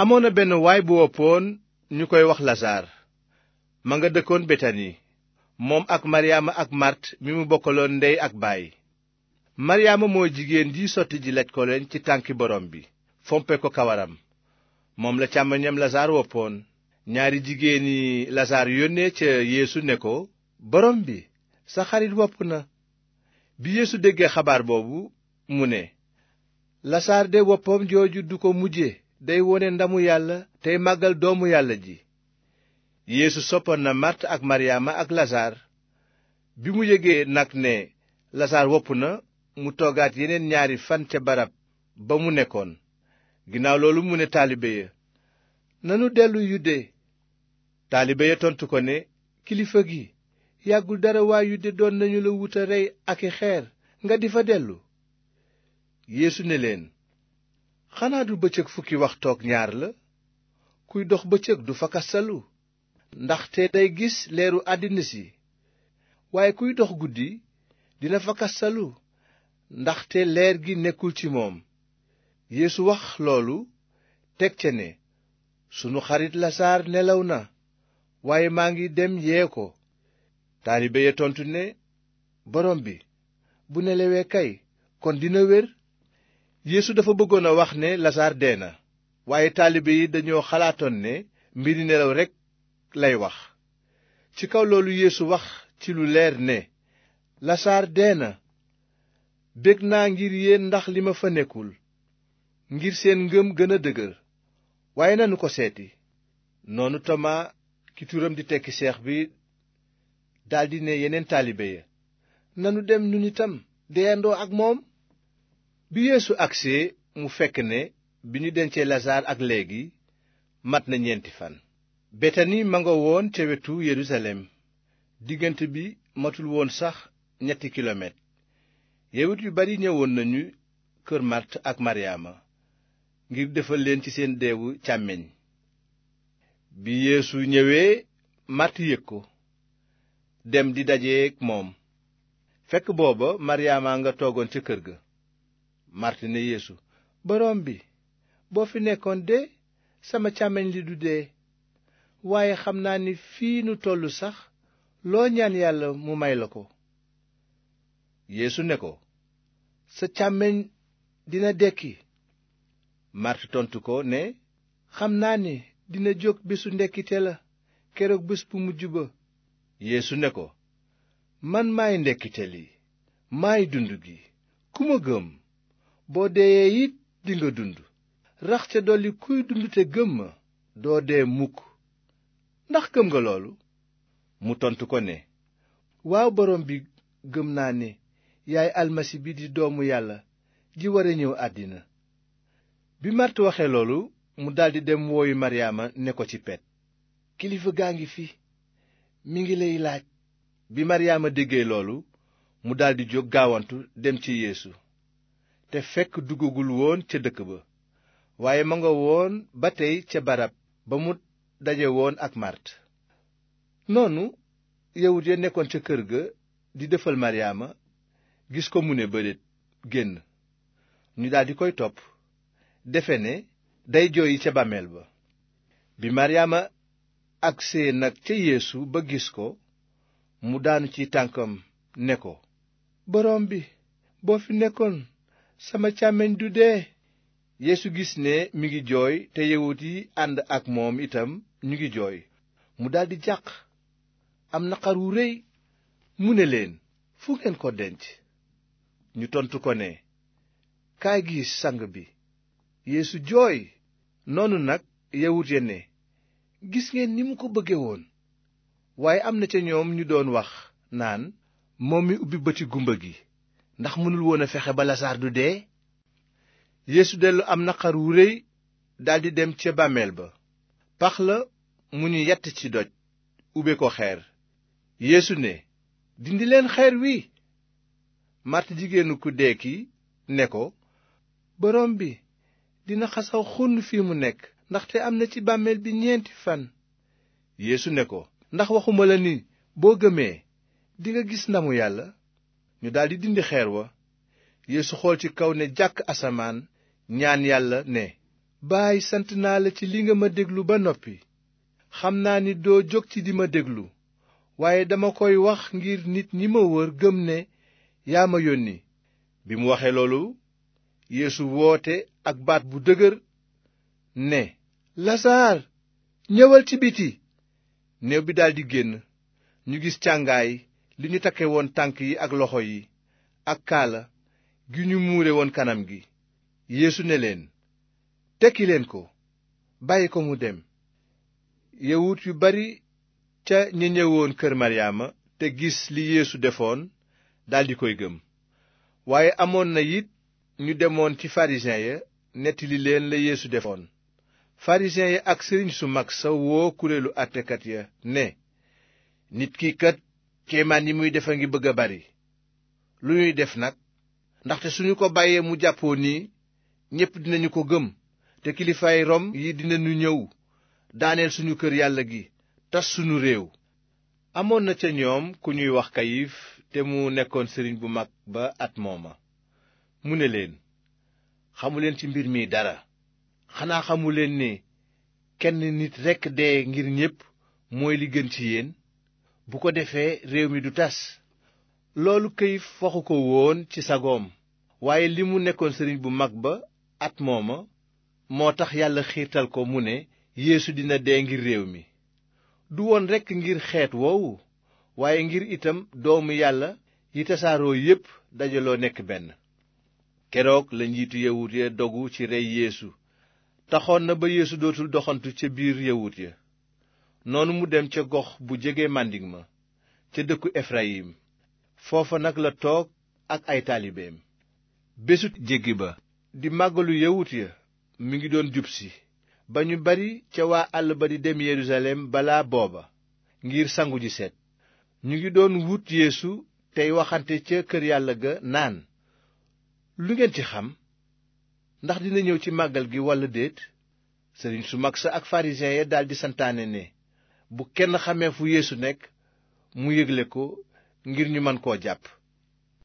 amoon na benn waay bu woppoon ñu koy wax lasaar ma nga dëkkoon betani moom ak maryaama ak màrt mi mu bokkaloon ndey ak baay maryaama mooy jigéen ji sotti ji laj koleñ ci tànki borom bi fompe ko kawaram moom la càmmoñam lasaar woppoon ñaari jigéeni lasaar yónnee ca yeesu ne ko borom bi sa xarit wopp na bi yeesu déggee xabaar boobu mu ne lasaar de woppam jooju du ko mujje day wone ndamu yàlla tey màggal doomu yàlla ji yéesu soppoon na màrt ak maryaama ak lasaar bi mu yëgee nag ne lasaar wopp na mu toogaat yeneen ñaari fan ca barab ba mu nekkoon ginnaaw loolu mu ne taalibe ya nanu dellu yude taalibe ya tontu ko ne kilifa gi yàggul dara waa yude doon nañu la wuta rey ak i xeer nga di fa dellu yéesu ne leen xanaa du bëccëg fukki waxtook ñaar la kuy dox bëccëg du fakastalu ndaxte day gis leeru àddina si waaye kuy dox guddi dina fakastalu ndaxte leer gi nekkul ci moom yéesu wax loolu teg ca ne sunu xarit lasaar nelaw na waaye maa ngi dem yee ko taalibe ya tontu ne borom bi bu nelawee kay kon dina wér yéesu dafa bëggoon a wax ne lasaar dee na waaye taalibe yi dañoo xalaatoon ne mbiri nelaw rekk lay wax ci kaw loolu yéesu wax ci lu leer ne lasaar dee na bég naa ngir yéen ndax li ma fa nekkul ngir seen ngëm gën a dëgër waaye nanu ko seeti noonu tomaa ki turam di tekki seex bi daldi ne yeneen taalibe ya nanu dem nun itam deyandoo ak moom bi Yeesu agsee mu fekk ne bi ñu dencee Lasaar ak léegi mat na ñeenti fan betani ma nga woon ca wetu Yerusalem diggante bi matul woon sax ñetti kilomètre yawut yu bari ñëwoon nañu kër Màrt ak Maryaama ngir defal leen ci seen deewu càmmeñ bi Yeesu ñëwee Màrt yëg ko dem di dajeek moom fekk booba Maryaama nga toogoon ca kër ga màrt ne yéesu borom bi boo fi nekkoon de sama càmmiñ li du dee waaye xam naa ni fii nu tollu sax loo ñaan yàlla mu may la ko yéesu ne ko sa càmmiñ dina dekki màrt tontu ko ne xam naa ni dina jóg bésu ndekkite la keroog bés bu mujj ba yeesu ne ko man maay ndekkite li maay dund gi ku ma gëm boo deeyee it dinga dund rax ca dolli kuy dund te gëm doo dee mukk ndax gëm nga loolu mu tontu ko ne waaw borom bi gëm naa ne yaay almasi bi di doomu yàlla ji war a ñëw àddina bi màrt waxe loolu mu daldi dem woyu maryaama ne ko ci pet kilifa gaa ngi fi mu ngi lay laaj bi maryaama dégge loolu mu daldi jóg gaawantu dem ci yéesu te fekk duggagul woon ca dëkk ba waaye ma nga woon ba tey ca barab ba mu daje woon ak màrt noonu yawut ya nekkoon ca kër ga di defal maryaama gis ko mu ne bëreet génn ñu daldi koy topp defe ne day jooyi ca bàmmeel ba bi maryaama agsee nag ca yéesu ba gis ko mu daanu ci tànkam ne ko boroom bi boo fi nekkoon sama càmmiñ du dee yéesu gis ne mi ngi jooy te yawut yi ànd ak moom itam ñu ngi jooy mu daldi jàq am naqar wu rëy mu ne leen fu ngeen ko denc ñu tontu ko ne kaay gis sang bi yeesu jooy noonu nag yawut ya gis ngeen ni mu ko bëgge woon waaye am na ca ñoom ñu doon wax naan moom mi ubbi bëti gumba gi ndax mënul woon fexe ba lasaar du dee yéesu dellu am naqar wu rëy daldi dem ca bàmmeel ba pax la mu ñu yett ci doj ube ko xeer yéesu ne dindi leen xeer wi màrt jigéenu ku dee ki ne ko borom bi dina xasaw xunn fi mu nekk ndaxte am na ci bàmmeel bi ñeenti fan yéesu ne ko ndax waxuma la ni boo gëmee dinga gis ndamu yàlla ñu daldi dindi xeer wa yéesu xool ci kaw ne jàkk asamaan ñaan yàlla ne baay sant naa la ci li nga ma déglu ba noppi xam naa ni doo jóg ci di ma déglu waaye dama koy wax ngir nit ñi ma wër gëm ne yaa ma yónni bi mu waxee loolu yéesu woote ak baat bu dëgër ne lasaar ñëwal ci biti néew bi daldi génn ñu gis càngaay li ñu takke woon tànk yi ak loxo yi ak kaala gi ñu muure woon kanam gi yéesu ne leen tekki leen ko bàyyi ko mu dem yawut yu bari ca ña ñëwoon kër maryaama te gis li yéesu defoon daldi koy gëm waaye amoon na it ñu demoon ci farisiyen ya nettali leen la yeesu defoon farisiyen ya ak sëriñ su mag sa woo kuréelu àttekat ya ne nit ki kéemaan yi muy def a ngi bëgg a bari lu ñuy def nag ndaxte suñu ko bàyyee mu jàppoo nii ñépp dinañu ko gëm te kilifaay Rom yi dinañu ñëw daaneel suñu kër yàlla gi tas suñu réew amoon na ca ñoom ku ñuy wax kayif te mu nekkoon sëriñ bu mag ba at mooma mu ne leen xamuleen ci mbir mii dara xanaa xamuleen ne kenn nit rekk dee ngir ñépp mooy li gën ci yéen bu ko defee réew mi du tas loolu këy waxu ko woon ci sagoom waaye li mu nekkoon sëriñ bu mag ba at mooma moo tax yàlla xiirtal ko mu ne yéesu dina dee ngir réew mi du woon rekk ngir xeet woowu waaye ngir itam doomu yàlla yi tasaaroo yépp dajaloo nekk benn keroog la njiitu yawut ya dogu ci rey yéesu taxoon na ba yeesu dootul doxantu ca biir yawut ya noonu mu dem ca gox bu jege màndik ma ca dëkku efrayim foofa nag la toog ak ay taalibeem bésu jéggi ba di màggalu yawut ya mu ngi doon jub si ba ñu bari ca waa àll ba di dem yerusalem balaa booba ngir sangu ji set ñu ngi doon wut yeesu tey waxante ca kër yàlla ga naan lu ngeen ci xam ndax dina ñëw ci màggal gi walla déet sëriñ su mag sa ak farisiyen ya daldi santaane ne bu kenn xamee fu yéesu nekk mu yégle ko ngir ñu mën koo jàpp